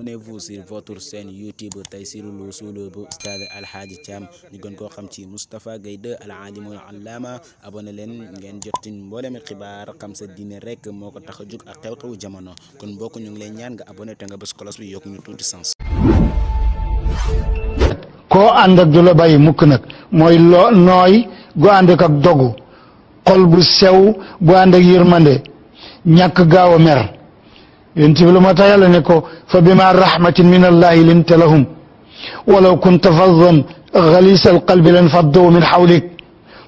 Abonnez-vous sur votre chaîne YouTube Taysiroul Wousoul bu Oustaz Alhaji Thiam ñu koo xam ci Moustapha Gueye 2 al alimul leen ngeen jotin mboolemi xibaar xam sa diine rek moo ko tax a jóg ak xew-xewu jamono kon mbokk ñu ngi lay ñaan nga nga bës kolos bi yokk ñu tuuti sens koo ànd du la bàyyi mukk nag mooy loo nooy gu ànd ak dogu xol bu sew bu ànd ak yërmande gaaw a mer ينتي بلو متى يلنكو فبما رحمة من الله لنت لهم ولو كنت فظا غليس القلب لانفضوا من حولك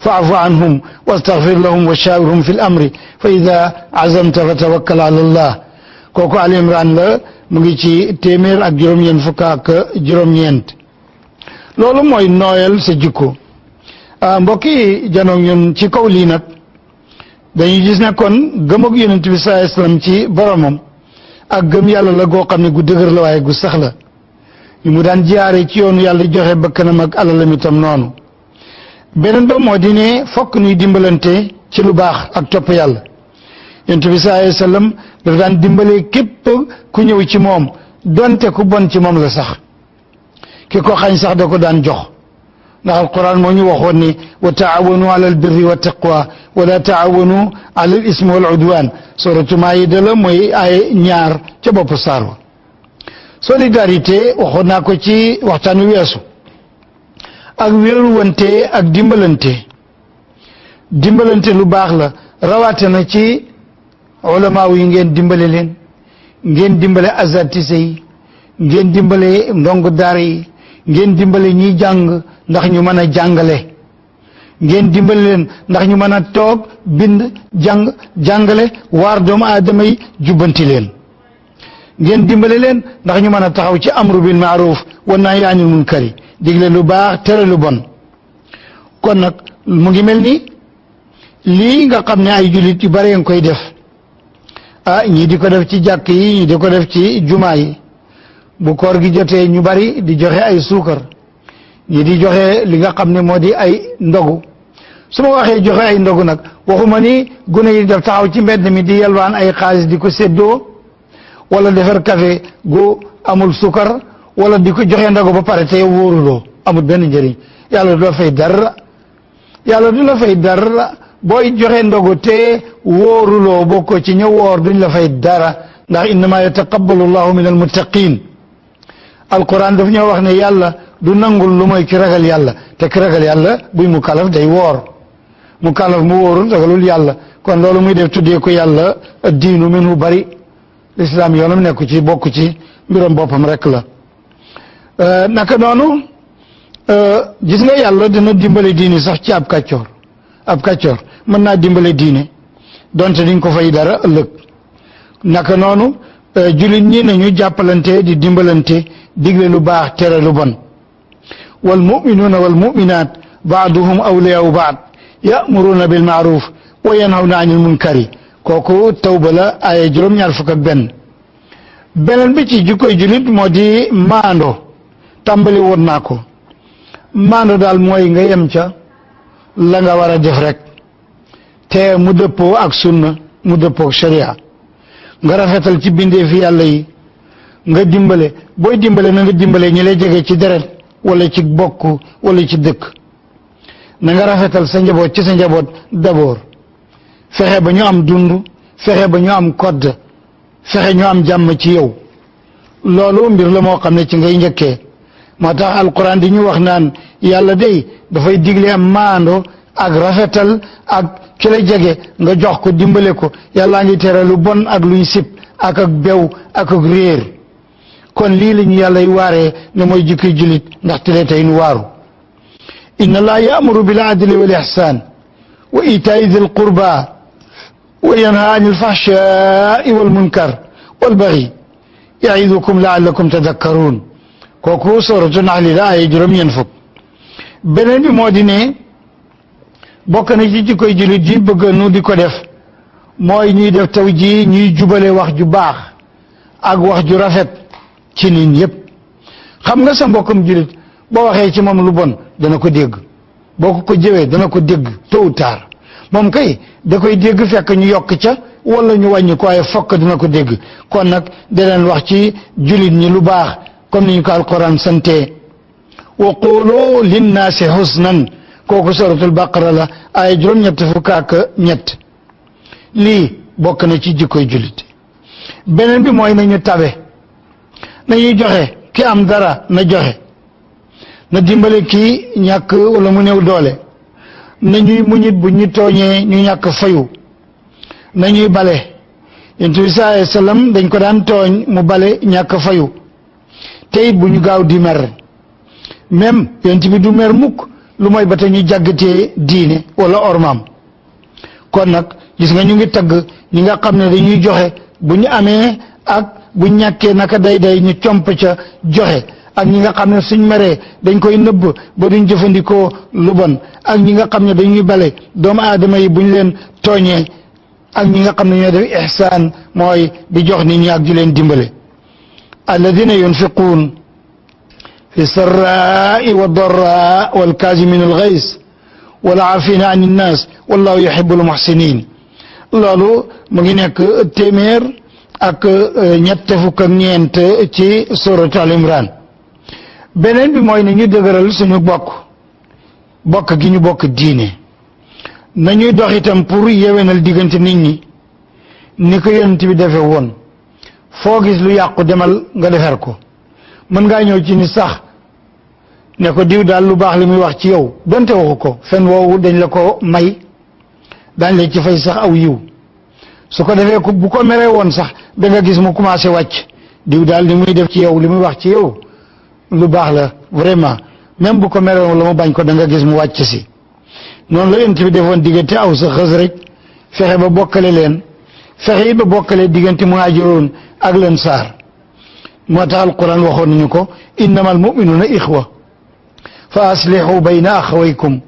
فاعف عنهم واستغفر لهم وشاورهم في الأمر فإذا عزمت فتوكل على الله كوكو علي عمران مغيتي تيمير اك جروم ينفكا اك جروم ينت لولو موي نويل سجيكو آه، مبوكي جانو نيون تي كو لينك دانيو جيسنا كون غموك يونتبي صلى الله عليه ak gëm yàlla la goo xam ne gu dëgër la waaye gu sax la mu daan jaare ci yoonu yàlla joxe ba bakkanam ak alalam itam noonu beneen ba moo di ne fokk nuy dimbalante ci lu baax ak topp yàlla yonent bi sallallaahu alayhi wa sallam dafa daan dimbale képp ku ñëw ci moom donte ku bon ci moom la sax ki ko xañ sax da ko daan jox ndax alquran moo ñu waxoon ni wa taawanu ala albirri wa taqwa wala taawanu ala al ismi wal udwan suratu maayida la mooy ay ñaar ca bopp saar wa solidarité waxoon naa ko ci waxtaan weesu ak wéeruwante ak dimbalante dimbalante lu baax la rawaate na ci ulama yi ngeen dimbale leen ngeen dimbale azatise ngeen dimbale ndong daara ngeen dimbale ñiy jàng ndax ñu mën a jàngale ngeen dimbali leen ndax ñu mën a toog bind jàng jàngale waar doomu aadama yi leen ngeen dimbali leen ndax ñu mën taxaw ci amru bil maaruf wa nahyi anil munkari digle lu baax tere lu bon kon nag mu ngi mel ni nga xam ay julit yu bare nga koy def ah ñii di ko def ci jàkk yi ñii di ko def ci juma yi bu koor gi jotee ñu bari di joxe ay suukar ñi di joxe li nga xam ne moo di ay ndogu su ma waxee joxe ay ndogu nag waxuma ni gune yi def taxaw ci mbedd mi di yelwaan ay xaalis di ko séddoo wala defar kafe gu amul sukar wala di ko joxe ndogu ba pare te wóoruloo amul benn njëriñ yàlla du la fay dara yàlla du la fay dara booy joxe ndogu te boo bokkoo ci ñëw woor duñ la fay dara ndax innama yataqabbalu llahu min almuttaqin alquran daf ñoo wax ne yàlla du nangul lu mooy ki ragal yàlla te ki ragal yàlla buy mu kalaf day woor mu kalaf mu woorul wóorul ragalul yàlla kon loolu muy def tuddee ko yàlla diinu minhu bari lislaam yoonam nekku ci bokk ci mbiram boppam rekk la euh, naka noonu euh, gis nga yàlla dina dimbale diine sax ci ab kàccoor ab kàccoor mën naa dimbale diine donte duñ ko fay dara ëllëg naka noonu euh, jullit ñi nañu jàppalante di dimbalante digle lu baax tere lu bon والمؤمنون والمؤمنات بعضهم أولياء بعض يأمرون بالمعروف وينهون عن kari kooku tawba la ay juróom ñaar fukk ak benn beneen bi ci jikkoy jullit moo di maando tàmbali woon naa ko maando daal mooy nga yem ca la nga war a def rek te mu dëppoo ak sunna mu dëppoo ak nga rafetal ci bindee fi yàlla yi nga dimbale booy dimbale na nga dimbale ñi lay jege ci deret wala ci bokk wala ci dëkk na nga rafetal sa njaboot ci sa njaboot d'abord fexe ba ñu am dund fexe ba ñu am kodd fexe ñu am jàmm ci yow loolu mbir la moo xam ne ci ngay njëkkee moo tax alquran di ñu wax naan yàlla day dafay digle am maando ak rafetal ak ki la jege nga jox ko dimbale ko yàllaa ngi tere lu bon ak luy sib ak ak bew ak ak réer kon lii la ñu yàlla waaree ne mooy jikkoy jullit ndax tere tey nu waaru inna allaha yaamuru bil adli wal ihsan wa itaai dil qurba wa yanha anil fahshai wal munkar wal baghi yaidukum laallakum tadakkaruun kooku sooratu naxli la ay juróom-ñeent fukk beneen bi moo di ne bokk na ci jikkoy jullit ji bëgg nu di ko def mooy ñuy def taw ji ñuy jubale wax ju baax ak wax ju rafet ci nit ñëpp xam nga sa mbokkam jullit boo waxee ci moom lu bon dana ko dégg boo ko ko jëwee dana ko dégg tôt moom kay da koy dégg fekk ñu yokk ca wala ñu wàññi ko fokk dina ko dégg kon nag da leen wax ci jullit ñi lu baax comme ni ñu ko alquran sante wa qulu linnaasi kooku suratul baqara la ay juróom-ñett fukk ak ñett lii bokk na ci jikkoy jullit beneen bi mooy na ñu tawe nañuy joxe ki am dara na joxe na dimbale kii ñàkk wala mu néew doole nañuy muñit bu ñu tooñee ñu ñàkk fayu nañuy bale yonent bi saa sallam dañ ko daan tooñ mu bale ñàkk fayu tey bu ñu gaaw di mer même yonent bi du mer mukk lu mooy ba te ñu jàggatee diine wala ormaam kon nag gis nga ñu ngi tagg ñi nga xam ne dañuy joxe bu ñu amee ak bu ñàkkee naka day day ñu comp ca joxe ak ñi nga xam ne suñ meree dañ koy nëbb ba duñ jëfandikoo lu bon ak ñi nga xam ne dañuy bale doomu aadama yi buñ leen tooñee ak ñi nga xam ne ñoo def ihsaan mooy di jox nit ñi ak di leen dimbale alladina yunfiquun fi sarraai wa darraa walkaazimin alxays walaafina an innaas wallahu yuhibu almuxsinin loolu mu ngi nekk téeméer ak e, ñett fukk ak ñeent ci surat al beneen bi mooy na ñu dëgëral suñu bokk bokk gi ñu bokk diine nañuy dox itam pour yewenal diggante nit ñi ni ko yonent bi defe woon foo gis lu yàqu demal nga defar ko mën ngaa ñëw ci ni sax ne ko diw daal lu baax li muy wax ci yow donte waxu ko fen woowu dañ la ko may dañ la ci fay sax aw yiw su ko ku bu ko méré won sax da nga gis mu commencé wàcc diw dal ni muy def ci yow limuy wax ci yow lu bax la vraiment même bu ko méré won lama bañ ko da nga gis mu wàcc ci non la yent bi defoon digënté aw sa xëz rek fexe ba bokalé len fexe ba bokalé digënté mu muhaajiroon ak leen saar moo tax alquran waxoon nañu ko innama almuminuuna ixwa fa aslihu bayna akhawaykum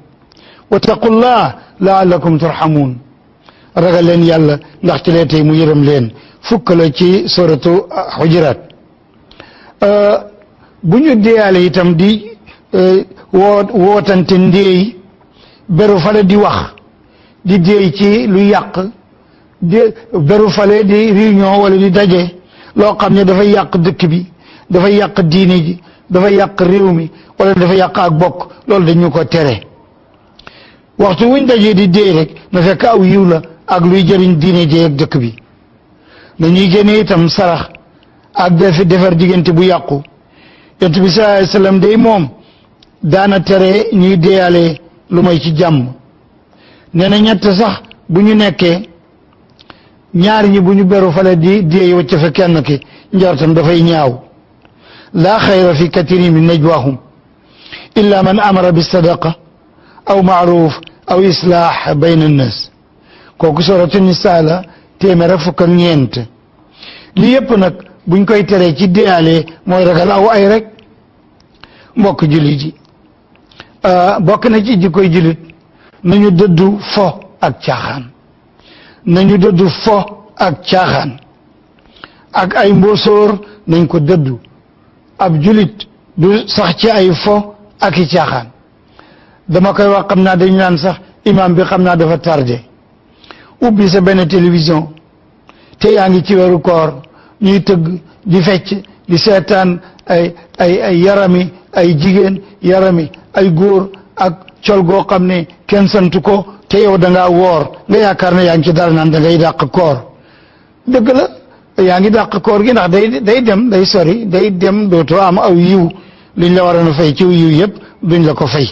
wa taqullaha laallakum turhamun ragal leen yàlla ndax ci lee tey mu yërëm leen fukk la ci suratu xujuraat euh, bu ñu deeyaale itam di euh, woo wootante beru fale di wax di déey ci lu yàq beru fale di réunion wala di daje loo xam ne dafay yàq dëkk bi dafay yàq diine ji dafay yàq réew mi wala dafa yàq ak bokk loolu dañu ko tere waxtu wuñ dajee di déey rek na fekk aw yiw la ak luy jëriñ diine ji ak dëkk bi dañuy gëné itam sarax ak def defar digënté bu yaqku yonent bi sallallahu alayhi wasallam sallam day moom daana tere ñuy déyalé lu may ci jàmm nee na ñett sax bu ñu nekkee ñaar ñi bu ñu beru fale di yow ci fa kenn ki da fay ñaaw la khayra fi katiri min najwahum illa man amara bis sadaqa aw ma'ruf aw islah bayna an-nas kooku soratu nisaa la téeméer ak fukk ak ñeent li yëpp nag buñ koy teree ci déyalee mooy ragal aw ay rek mbokk jullit yi euh, bokk na ci jikkoy jullit nañu dëddu fo ak caaxaan ñu dëddu fo ak caaxaan ak ay mbóosóor nañ ko dëddu ab julit du sax ci ay fo ak i caaxaan dama koy wax xam naa dañu naan sax imaam bi xam naa dafa tardé ubbi sa benn télévision te yaa ngi ci weeru koor ñuy tëgg di fecc di seetaan ay ay ay yarami ay jigéen yarami ay góor ak col goo xam ne kenn sant ko te yow danga woor nga yaakaar ne yaa ngi ci dara naan da ngay dàq koor dëgg la yaa ngi dàq koor gi ndax day day dem day sori day dem dootoo am aw yiw liñ la waroon a fay ci yiw yëpp duñ la ko fay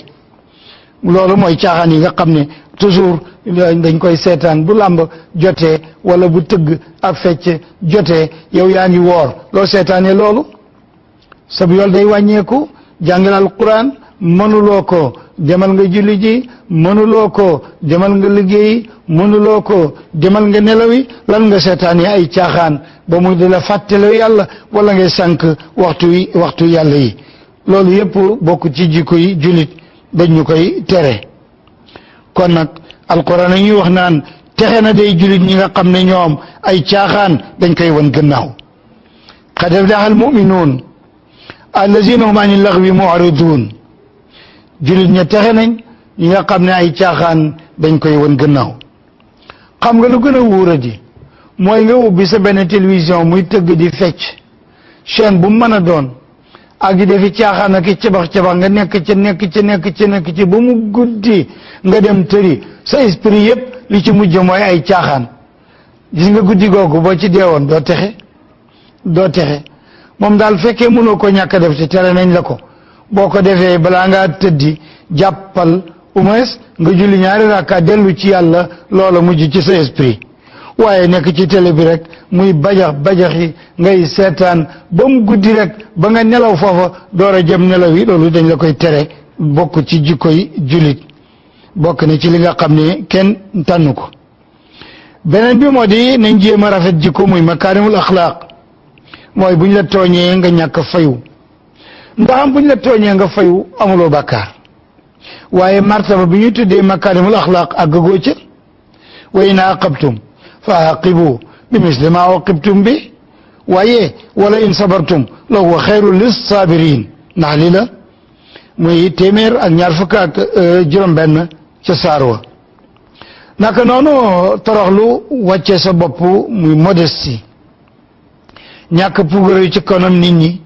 loolu mooy caaxaan yi nga xam ne toujours dañ koy seetaan bu làmb jotee wala bu tëgg ak fecc jotee yow yaa ngi woor loo seetaanee loolu sab yool day wàññeeku jàngalal quran mënuloo ko demal nga julli ji mënuloo ko demal nga liggéeyi mënuloo ko demal nga nelawi lan nga seetaanee ay caaxaan ba mu di la fàttaloo yàlla wala ngay sànq waxtu yàlla yi loolu yëpp bokk ci jikko yi jullit dañ koy tere kon nag القرآنية وحنان تهنا دي جلد نيغا قمنا نيوم أي تشاخان دن كي ونقناو قد افلح المؤمنون الذين هم عن اللغو معرضون جلد نيتهنا نيغا قمنا أي تشاخان دن كي ونقناو قام قلو قلو وردي مو ايغو بسبب التلفزيون مو يتقدي فتش شان بمنا دون ak yi defi caaxaan ak i cabax-cabax nga nekk ca nekk ca nekk ca nekk ci ba mu guddi nga dem tëri sa esprit yëpp li ci mujj mooy ay caaxaan gis nga guddi googu boo ci deewoon doo texe doo texe moom daal fekkee mënoo ko ñàkk def te tere nañ la ko boo ko defee balaa ngaa tëddi jàppal au moins nga julli ñaari rakka dellu ci yàlla loola mujj ci sa esprit waaye nekk ci télé bi rek muy bajax bajaxi ngay seetaan ba mu guddi rek ba nga nelaw foofa door a jëm nelaw yi loolu dañ la koy tere bokk ci jikkoy jullit bokk na ci li nga xam ne kenn tànn ko beneen bi moo di nañ jéem a rafet jikko muy makaarimul axlaaq mooy buñ la tooñee nga ñàkk fayu ndax am buñ la tooñee nga fayu amuloo bàkkaar waaye martaba bi ñuy tuddee makaarimul axlaaq àggagoo ca way na aqabtum فعاقبوا بمثل ما عوقبتم به waaye wala in sabartum la huwa xayrun lissaabiriin ndax lii la muy téeméer ak ñaar fukk juróom-benn ca saar wa naka noonu toroxlu wàcce sa bopp muy modestie ñàkk puugare yu ci kanam nit ñi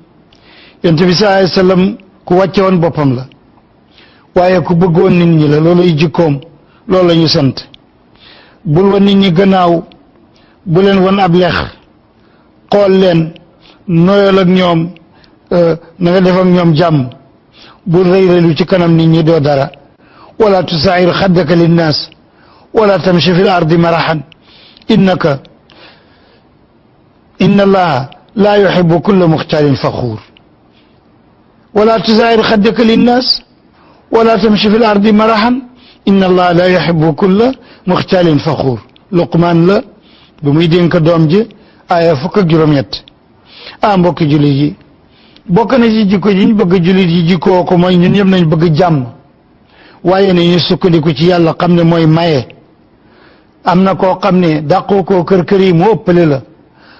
yonent bi sallallaahu alayhi wa ku wacce woon boppam la waaye ku bëggoon nit ñi la loolay jikkoom loolu la ñu sant bul wan nit ñi gannaaw bu leen wan ab lex xool leen noyal ak ñoom na nga def ak ñoom jàmm bul rëy rëylu ci kanam nit ñi doo dara wala tusaayir xaddaka linnaas wala tamshi fi l ardi maraxan innaka inna allaha laa yuxibu kulla muxtaalin faxuur wala tusaayir xaddaka linnaas wala tamshi fi l ardi maraxan inna allah la yuhibbu kulla muxtaalin faxuur luqmaan la bu muy dénk doom ji aaya fukk ak juróom-ñett ah mbokki jullit yi bokk na ci jikko yi ñu bëgg jullit yi jikkoo ko mooy ñun ñëpp nañ bëgg jàmm waaye nañu sukkandiku ci yàlla xam ne mooy maye am na koo xam ne dàqoo koo kër kër yi mu ëppale la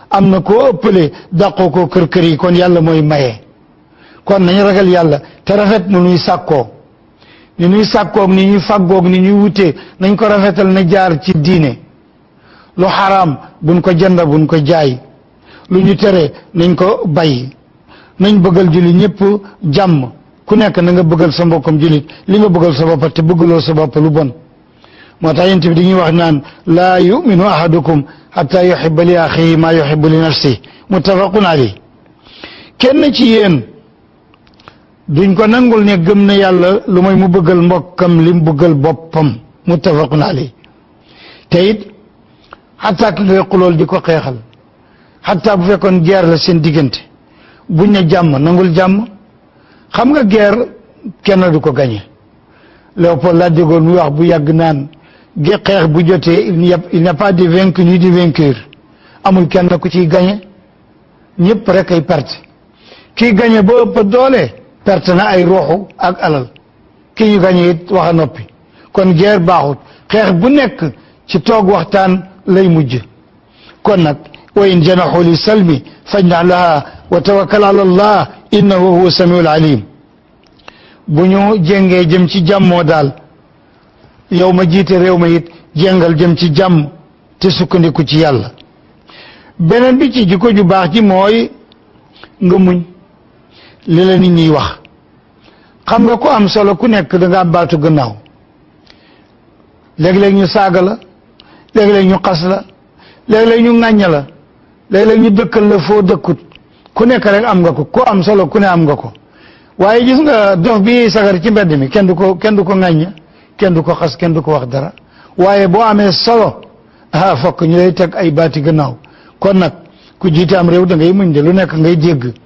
am na koo ëppale dàqoo koo kër kër yi kon yàlla mooy maye kon nañu ragal yàlla te rafet nu nuy sàkkoo ni ñuy sàkkoog ni ñuy fàggoog ni ñuy wutee nañ ko rafetal na jaar ci diine lu xaraam buñ ko jënd buñ ko jaay lu ñu tere nañ ko bay nañ bëggal jullit ñëpp jàmm ku nekk na nga bëggal sa mbokkam jullit li nga bëggal sa bopp te bëggaloo sa bopp lu bon moo tax yent bi dañuy wax naan laa yuminu ahadukum xata yuxiba li axihi maa yuxibu li nafsi muttafaqun alayh kenn ci yéen duñ ko nangul ne gëm na yàlla lu mooy mu bëggal mbokkam li mu bëggal boppam muttafaqun alayhi te it xataa ki xulool di ko xeexal xataa bu fekkoon geer la seen diggante buñ ne jàmm nangul jàmm xam nga guerre kenn du ko gañe Léopold laa déggoon muy wax bu yàgg naan xeex bu jotee il n'y a pas de vaincu ni amul kenn ku ciy gañe ñëpp rek ay perte kiy gañe ba ëpp doole perte na ay ruuxu ak alal ki ñu gañe it wax a noppi kon guerre baaxut xeex bu nekk ci toog waxtaan lay mujj kon nag wa in janaxu li salmi fajnax laha wa tawakkal ala allah innahu huwa samiul alim bu ñu jéngee jëm ci jàmmoo daal yow ma jiite réew ma it jéngal jëm ci jàmm te sukkandiku ci yàlla beneen bi ci jikko ju baax ji mooy nga muñ li la nit wax xam nga ko am solo ku nekk da am baatu gannaaw léeg-léeg ñu saaga la léeg-léeg ñu xas la léeg-léeg ñu ŋàñña la léeg ñu dëkkal la foo dëkkut ku nekk rek am nga ko ko am solo ku ne am nga ko waaye gis nga dof bi sagar ci mbedd mi kenn du ko kenn du ko ŋàñña kenn du ko xas kenn du ko wax dara waaye boo amee solo ah fokk ñu lay teg ay baati gannaaw kon nag ku jiite am réew da ngay muñ de lu nekk ngay jégg